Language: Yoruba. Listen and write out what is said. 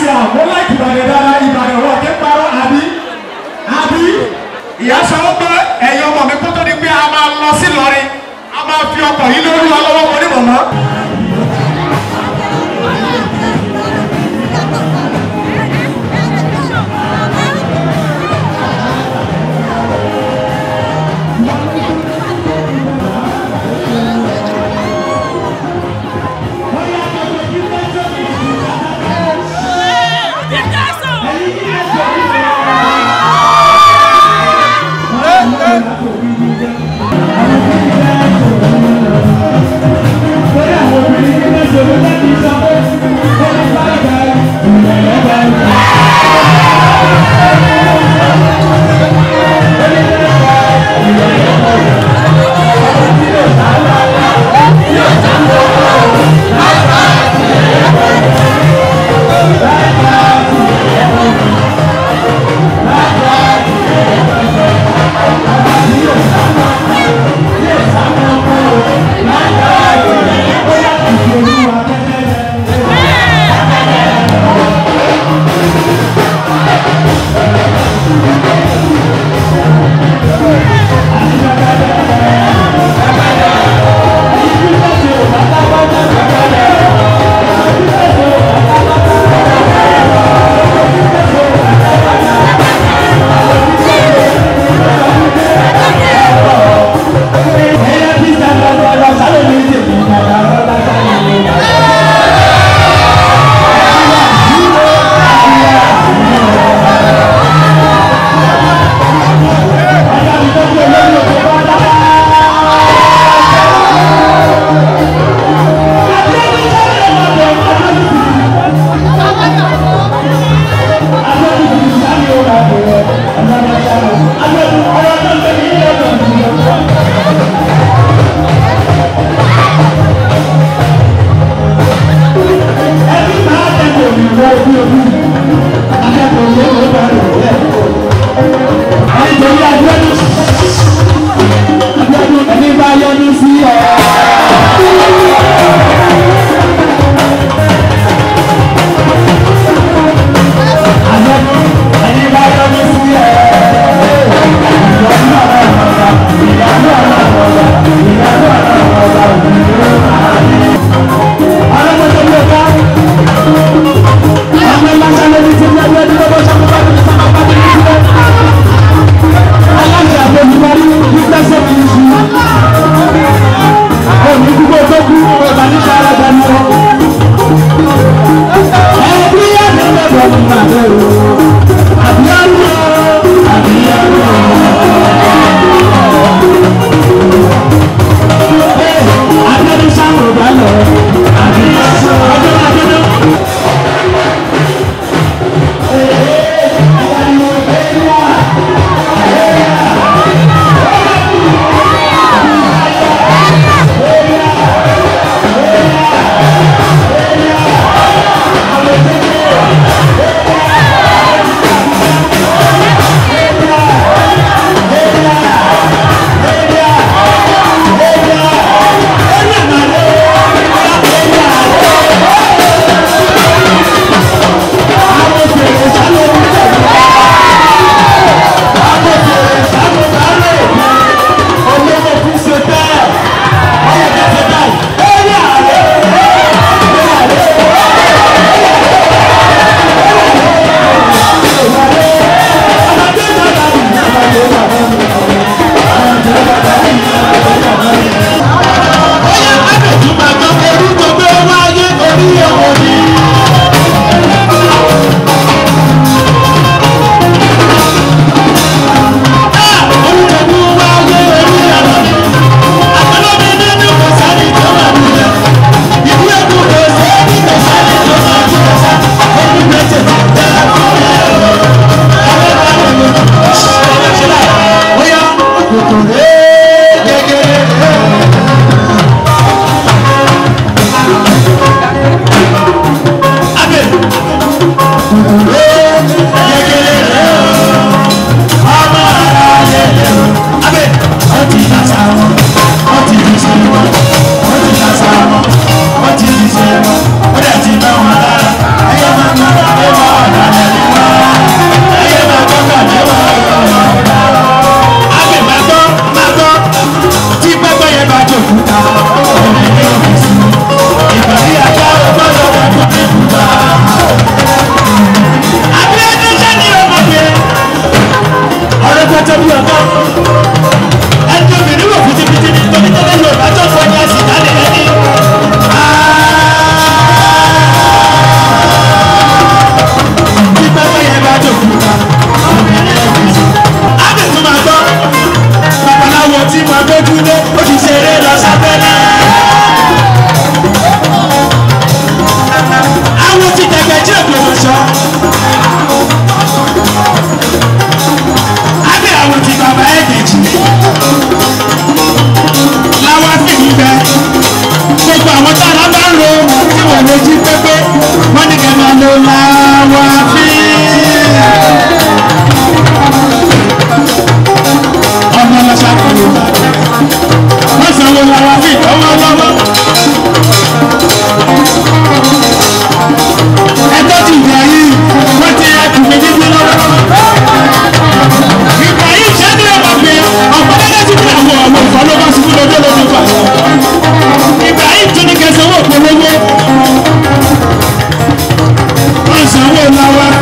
Islam ó láì Ìbàdàn dára Ìbàdàn wọ̀ kí n parọ́ àbí àbí ìyá sanwó-gbọ́n. Thank you. láwá sì ń bẹ gbogbo àwọn tára bá ń ro tí wọn lè Nawa. Uh,